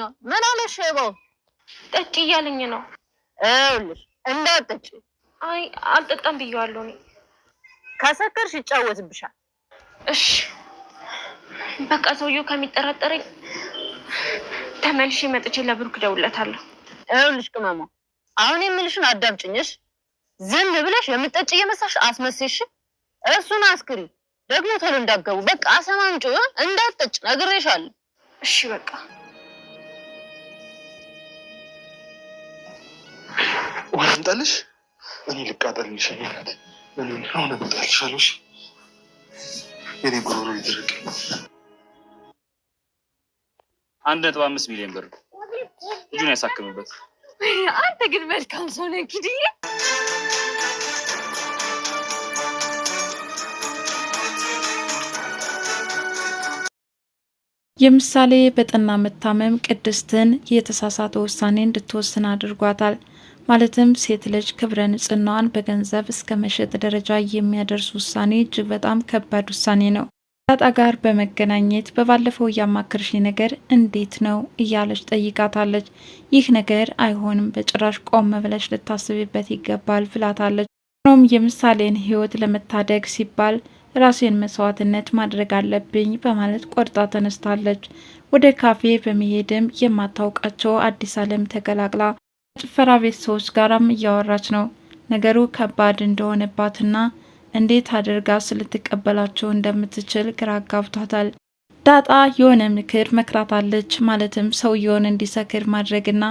ነው። ምን አለሽ? ሸበው ጠጭ እያለኝ ነው። ይኸውልሽ እንዳጠጪ። አይ አልጠጣም ብየዋለሁ። እኔ ከሰከርሽ ይጫወትብሻል። እሺ በቃ ሰውዬው ከሚጠራጠረኝ ተመልሼ መጥቼ ለብሩክ እደውልለታለሁ። ይኸውልሽ ቅመማ፣ አሁን የምልሽን አዳምጭኝሽ። ዝም ብለሽ የምጠጭ እየመሳሽ አስመሴሽ እሱን አስክሪ ደግሞ ቶሎ እንዳገቡ በቃ አሰማምጪው። እንዳትጠጪ ነግሬሻለሁ። እሺ በቃ ውሃ አምጣልሽ፣ እኔ ልቃጠልልሽ አላት። አሁን አመጣልሻለሽ። የኔ ጉሮሮ ይደረቅ። አንድ ነጥብ አምስት ሚሊዮን ብር ልጁን ያሳክምበት። አንተ ግን መልካም ሰው ነህ እንግዲህ የምሳሌ በጠና መታመም ቅድስትን የተሳሳተ ውሳኔ እንድትወስን አድርጓታል። ማለትም ሴት ልጅ ክብረ ንጽህናዋን በገንዘብ እስከ መሸጥ ደረጃ የሚያደርስ ውሳኔ እጅግ በጣም ከባድ ውሳኔ ነው። ዳጣ ጋር በመገናኘት በባለፈው እያማከርሽ ነገር እንዴት ነው እያለች ጠይቃታለች። ይህ ነገር አይሆንም፣ በጭራሽ ቆም ብለሽ ልታስብበት ይገባል ብላታለች። ሆኖም የምሳሌን ህይወት ለመታደግ ሲባል ራሴን መስዋዕትነት ማድረግ አለብኝ በማለት ቆርጣ ተነስታለች። ወደ ካፌ በመሄድም የማታውቃቸው አዲስ ዓለም ተቀላቅላ ከጭፈራ ቤት ሰዎች ጋራም እያወራች ነው። ነገሩ ከባድ እንደሆነባትና እንዴት አድርጋ ስልትቀበላቸው እንደምትችል ግራ አጋብቷታል። ዳጣ የሆነ ምክር መክራታለች። ማለትም ሰውየውን እንዲሰክር ማድረግና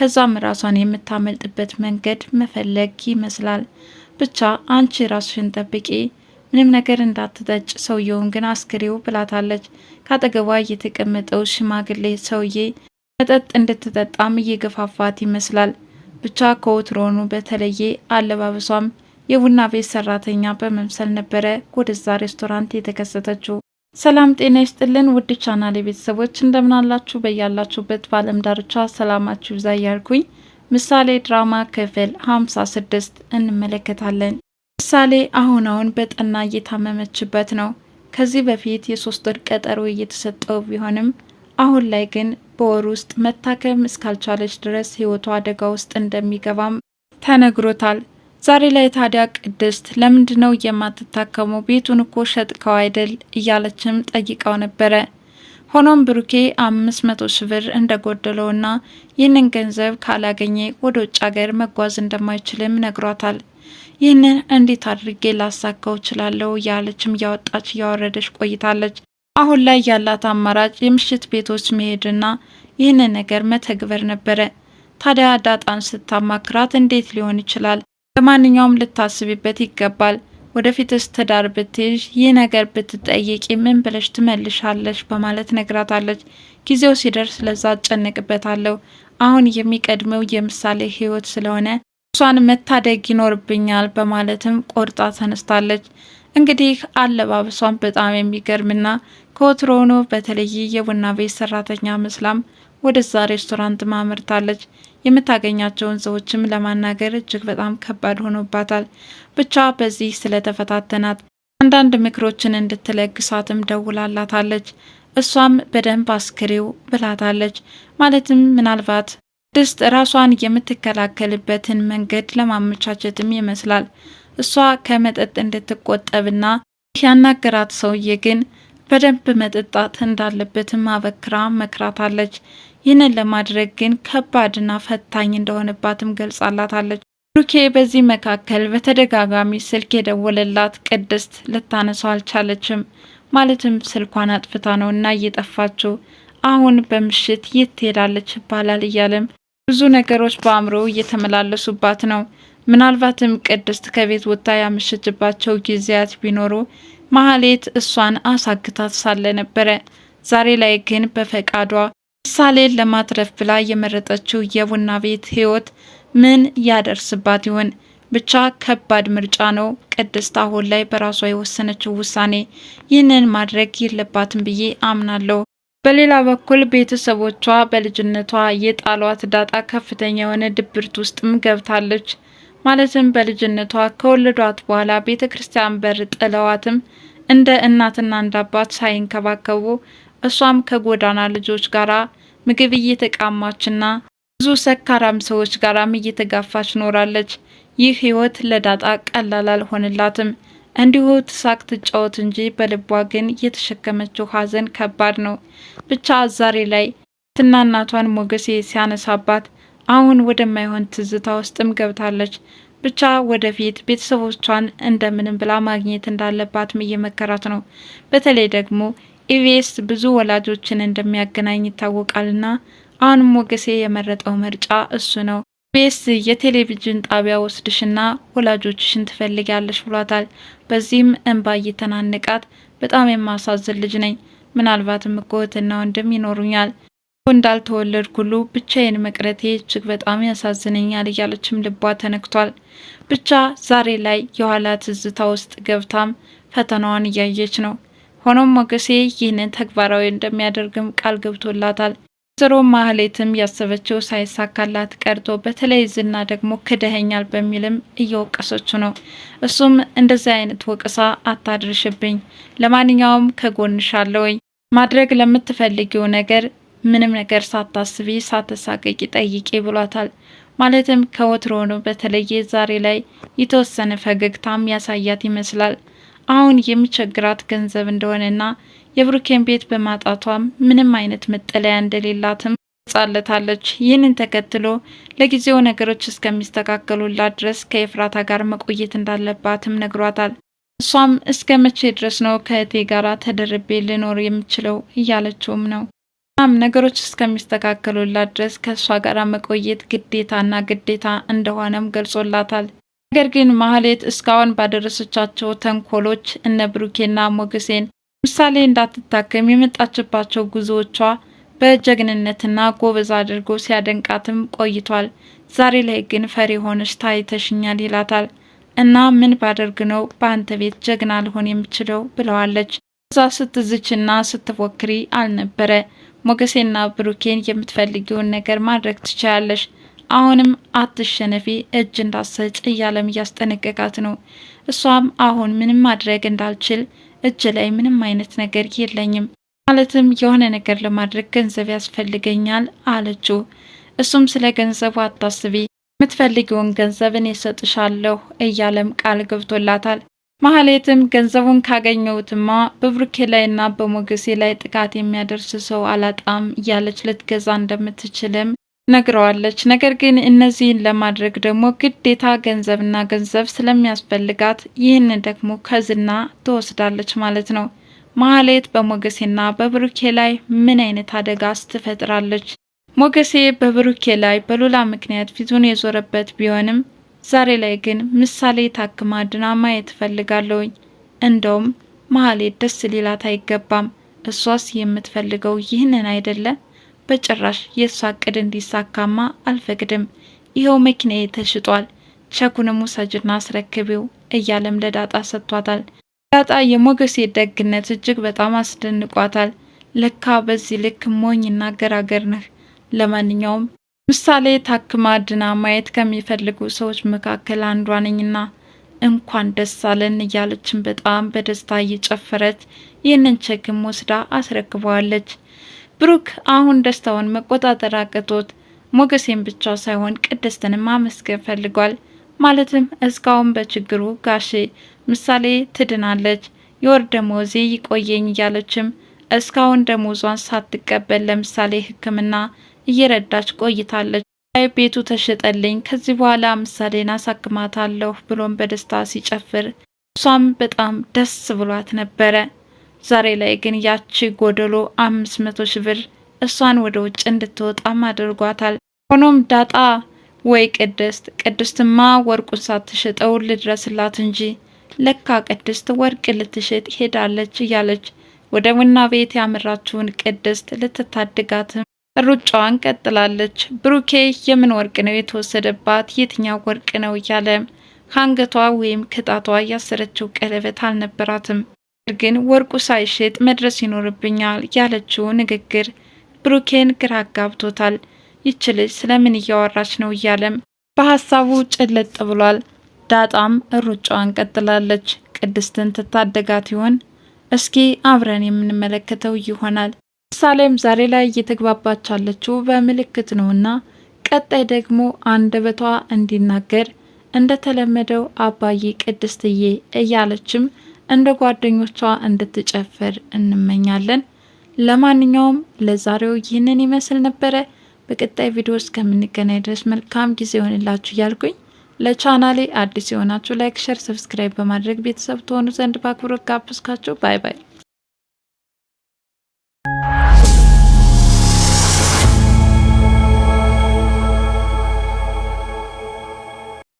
ከዛም ራሷን የምታመልጥበት መንገድ መፈለግ ይመስላል። ብቻ አንቺ ራስሽን ጠብቂ፣ ምንም ነገር እንዳትጠጭ፣ ሰውየውን ግን አስክሬው ብላታለች። ካጠገቧ የተቀመጠው ሽማግሌ ሰውዬ መጠጥ እንድትጠጣም እየገፋፋት ይመስላል። ብቻ ከወትሮኑ በተለየ አለባበሷም የቡና ቤት ሰራተኛ በመምሰል ነበረ ወደዛ ሬስቶራንት የተከሰተችው። ሰላም ጤና ይስጥልን ውድ ቻናሌ ቤተሰቦች እንደምናላችሁ በያላችሁበት በአለም ዳርቻ ሰላማችሁ ይብዛ እያልኩኝ ምሳሌ ድራማ ክፍል 56 ስድስት እንመለከታለን። ምሳሌ አሁን አሁን በጠና እየታመመችበት ነው። ከዚህ በፊት የሶስት ወር ቀጠሮ እየተሰጠው ቢሆንም አሁን ላይ ግን በወር ውስጥ መታከም እስካልቻለች ድረስ ህይወቷ አደጋ ውስጥ እንደሚገባም ተነግሮታል። ዛሬ ላይ ታዲያ ቅድስት ለምንድ ነው የማትታከመው? ቤቱን እኮ ሸጥከው አይደል እያለችም ጠይቀው ነበረ። ሆኖም ብሩኬ አምስት መቶ ሺ ብር እንደጎደለውና ይህንን ገንዘብ ካላገኘ ወደ ውጭ ሀገር መጓዝ እንደማይችልም ነግሯታል። ይህንን እንዴት አድርጌ ላሳካው እችላለሁ እያለችም እያወጣች እያወረደች ቆይታለች። አሁን ላይ ያላት አማራጭ የምሽት ቤቶች መሄድና ይህንን ነገር መተግበር ነበረ። ታዲያ ዳጣን ስታማክራት እንዴት ሊሆን ይችላል? በማንኛውም ልታስቢበት ይገባል። ወደፊት ትዳር ብትይዥ ይህ ነገር ብትጠይቂ ምን ብለሽ ትመልሻለሽ? በማለት ነግራታለች። ጊዜው ሲደርስ ለዛ እጨነቅበታለሁ። አሁን የሚቀድመው የምሳሌ ህይወት ስለሆነ እሷን መታደግ ይኖርብኛል በማለትም ቆርጣ ተነስታለች። እንግዲህ አለባበሷን በጣም የሚገርምና ከወትሮውኑ በተለይ የቡና ቤት ሰራተኛ መስላም ወደዛ ሬስቶራንት ማምርታለች። የምታገኛቸውን ሰዎችም ለማናገር እጅግ በጣም ከባድ ሆኖባታል። ብቻ በዚህ ስለተፈታተናት አንዳንድ ምክሮችን እንድትለግሳትም ደውላላታለች። እሷም በደንብ አስክሪው ብላታለች። ማለትም ምናልባት ድስት ራሷን የምትከላከልበትን መንገድ ለማመቻቸትም ይመስላል። እሷ ከመጠጥ እንድትቆጠብና ያናገራት ሰውዬ ግን በደንብ መጠጣት እንዳለበትም አበክራ መክራታለች። ይህንን ለማድረግ ግን ከባድና ፈታኝ እንደሆነባትም ገልጻላታለች። ብሩኬ በዚህ መካከል በተደጋጋሚ ስልክ የደወለላት ቅድስት ልታነሳው አልቻለችም። ማለትም ስልኳን አጥፍታ ነው እና እየጠፋችው አሁን በምሽት የት ትሄዳለች ይባላል እያለም ብዙ ነገሮች በአእምሮ እየተመላለሱባት ነው። ምናልባትም ቅድስት ከቤት ወጥታ ያመሸችባቸው ጊዜያት ቢኖሩ ማህሌት እሷን አሳግታት ሳለ ነበረ። ዛሬ ላይ ግን በፈቃዷ ምሳሌን ለማትረፍ ብላ የመረጠችው የቡና ቤት ህይወት ምን ያደርስባት ይሆን? ብቻ ከባድ ምርጫ ነው። ቅድስት አሁን ላይ በራሷ የወሰነችው ውሳኔ ይህንን ማድረግ የለባትም ብዬ አምናለሁ። በሌላ በኩል ቤተሰቦቿ በልጅነቷ የጣሏት ዳጣ ከፍተኛ የሆነ ድብርት ውስጥም ገብታለች። ማለትም በልጅነቷ ከወለዷት በኋላ ቤተ ክርስቲያን በር ጥለዋትም እንደ እናትና እንደ አባት ሳይንከባከቡ እሷም ከጎዳና ልጆች ጋር ምግብ እየተቃማችና ብዙ ሰካራም ሰዎች ጋራም እየተጋፋች ኖራለች። ይህ ህይወት ለዳጣ ቀላል አልሆንላትም። እንዲሁ ትሳቅ ትጫወት እንጂ በልቧ ግን የተሸከመችው ሀዘን ከባድ ነው። ብቻ ዛሬ ላይ ትና እናቷን ሞገሴ ሲያነሳባት አሁን ወደማይሆን ትዝታ ውስጥም ገብታለች። ብቻ ወደፊት ቤተሰቦቿን እንደምንም ብላ ማግኘት እንዳለባትም እየመከራት ነው። በተለይ ደግሞ ኢቢኤስ ብዙ ወላጆችን እንደሚያገናኝ ይታወቃልና አሁን ሞገሴ የመረጠው ምርጫ እሱ ነው። ኢቢኤስ የቴሌቪዥን ጣቢያ ወስድሽና ወላጆችሽን ትፈልጊያለሽ ብሏታል። በዚህም እንባ እየተናነቃት በጣም የማሳዝን ልጅ ነኝ፣ ምናልባትም እኮ እህትና ወንድም ይኖሩኛል እንዳልተወለድ ሁሉ ብቻዬን መቅረቴ እጅግ በጣም ያሳዝነኛል እያለችም ልቧ ተነክቷል። ብቻ ዛሬ ላይ የኋላ ትዝታ ውስጥ ገብታም ፈተናዋን እያየች ነው። ሆኖም ሞገሴ ይህንን ተግባራዊ እንደሚያደርግም ቃል ገብቶላታል። ዘሮ ማህሌትም ያሰበችው ሳይሳካላት ቀርቶ በተለይ ዝና ደግሞ ክደኸኛል በሚልም እየወቀሰች ነው። እሱም እንደዚህ አይነት ወቀሳ አታድርሽብኝ፣ ለማንኛውም ከጎንሽ አለውኝ ማድረግ ለምትፈልጊው ነገር ምንም ነገር ሳታስቢ ሳተሳቀቂ ጠይቄ ብሏታል። ማለትም ከወትሮኑ በተለየ ዛሬ ላይ የተወሰነ ፈገግታም ያሳያት ይመስላል። አሁን የሚቸግራት ገንዘብ እንደሆነና የብሩኬን ቤት በማጣቷም ምንም አይነት መጠለያ እንደሌላትም ጻለታለች። ይህንን ተከትሎ ለጊዜው ነገሮች እስከሚስተካከሉላት ድረስ ከኤፍራታ ጋር መቆየት እንዳለባትም ነግሯታል። እሷም እስከ መቼ ድረስ ነው ከእቴ ጋር ተደርቤ ልኖር የምችለው እያለችውም ነው ም ነገሮች እስከሚስተካከሉላት ድረስ ከእሷ ጋር መቆየት ግዴታና ግዴታ እንደሆነም ገልጾላታል። ነገር ግን ማህሌት እስካሁን ባደረሰቻቸው ተንኮሎች እነ ብሩኬና ሞገሴን ምሳሌ እንዳትታከም የመጣችባቸው ጉዞዎቿ በጀግንነትና ጎበዝ አድርጎ ሲያደንቃትም ቆይቷል። ዛሬ ላይ ግን ፈሪ ሆነች ታይተሽኛል ይላታል። እና ምን ባደርግ ነው በአንተ ቤት ጀግና ልሆን የምችለው ብለዋለች። እዛ ስትዝችና ስትፎክሪ አልነበረ ሞገሴና ብሩኬን የምትፈልጊውን ነገር ማድረግ ትችላለሽ። አሁንም አትሸነፊ፣ እጅ እንዳሰጭ እያለም እያስጠነቀቃት ነው። እሷም አሁን ምንም ማድረግ እንዳልችል፣ እጅ ላይ ምንም አይነት ነገር የለኝም፣ ማለትም የሆነ ነገር ለማድረግ ገንዘብ ያስፈልገኛል አለችው። እሱም ስለ ገንዘቡ አታስቢ፣ የምትፈልጊውን ገንዘብ እኔ እሰጥሻለሁ እያለም ቃል ገብቶላታል። ማህሌትም ገንዘቡን ካገኘሁትማ በብሩኬ ላይና በሞገሴ ላይ ጥቃት የሚያደርስ ሰው አላጣም እያለች ልትገዛ እንደምትችልም ነግረዋለች። ነገር ግን እነዚህን ለማድረግ ደግሞ ግዴታ ገንዘብና ገንዘብ ስለሚያስፈልጋት ይህንን ደግሞ ከዝና ትወስዳለች ማለት ነው። ማህሌት በሞገሴና በብሩኬ ላይ ምን አይነት አደጋስ ትፈጥራለች? ሞገሴ በብሩኬ ላይ በሉላ ምክንያት ፊቱን የዞረበት ቢሆንም ዛሬ ላይ ግን ምሳሌ ታክማ ድና ማየት እፈልጋለሁኝ። እንደውም መሀሌት ደስ ሊላት አይገባም። እሷስ የምትፈልገው ይህንን አይደለ? በጭራሽ የእሷ እቅድ እንዲሳካማ አልፈቅድም። ይኸው መኪናዬ ተሽጧል፣ ቸኩንም ውሰጅና አስረክቢው እያለም ለዳጣ ሰጥቷታል። ዳጣ የሞገሴ ደግነት እጅግ በጣም አስደንቋታል። ለካ በዚህ ልክ ሞኝና ገራገር ነህ። ለማንኛውም ምሳሌ ታክማ ድና ማየት ከሚፈልጉ ሰዎች መካከል አንዷ ነኝና እንኳን ደስ አለን እያለችን በጣም በደስታ እየጨፈረች ይህንን ቼክም ወስዳ አስረክበዋለች። ብሩክ አሁን ደስታውን መቆጣጠር አቅቶት ሞገሴን ብቻ ሳይሆን ቅድስትንም ማመስገን ፈልጓል። ማለትም እስካሁን በችግሩ ጋሼ ምሳሌ ትድናለች፣ የወር ደሞዜ ይቆየኝ እያለችም እስካሁን ደሞዟን ሳትቀበል ለምሳሌ ሕክምና እየረዳች ቆይታለች። ቤቱ ተሸጠልኝ፣ ከዚህ በኋላ ምሳሌን አሳክማታለሁ ብሎም በደስታ ሲጨፍር እሷም በጣም ደስ ብሏት ነበረ። ዛሬ ላይ ግን ያቺ ጎደሎ አምስት መቶ ሺህ ብር እሷን ወደ ውጭ እንድትወጣም አድርጓታል። ሆኖም ዳጣ ወይ ቅድስት ቅድስትማ ወርቁን ሳትሸጠው ልድረስላት እንጂ ለካ ቅድስት ወርቅ ልትሸጥ ሄዳለች እያለች ወደ ቡና ቤት ያመራችውን ቅድስት ልትታድጋትም ሩጫዋን ቀጥላለች። ብሩኬ የምን ወርቅ ነው የተወሰደባት? የትኛው ወርቅ ነው እያለ ከአንገቷ ወይም ከጣቷ ያሰረችው ቀለበት አልነበራትም። ግን ወርቁ ሳይሽጥ መድረስ ይኖርብኛል ያለችው ንግግር ብሩኬን ግራ ጋብቶታል። ይች ልጅ ስለምን እያወራች ነው እያለም በሀሳቡ ጭለጥ ብሏል። ዳጣም ሩጫዋን ቀጥላለች። ቅድስትን ትታደጋት ይሆን? እስኪ አብረን የምንመለከተው ይሆናል። ኢየሩሳሌም ዛሬ ላይ እየተግባባች ያለችው በምልክት ነውና ቀጣይ ደግሞ አንደበቷ እንዲናገር እንደተለመደው አባዬ ቅድስትዬ እያለችም እንደ ጓደኞቿ እንድትጨፍር እንመኛለን። ለማንኛውም ለዛሬው ይህንን ይመስል ነበረ። በቀጣይ ቪዲዮ እስከምንገናኝ ድረስ መልካም ጊዜ ይሆንላችሁ እያልኩኝ ለቻናሌ አዲስ የሆናችሁ ላይክ፣ ሸር፣ ሰብስክራይብ በማድረግ ቤተሰብ ትሆኑ ዘንድ በአክብሮት ጋብዝኳችሁ። ባይ ባይ።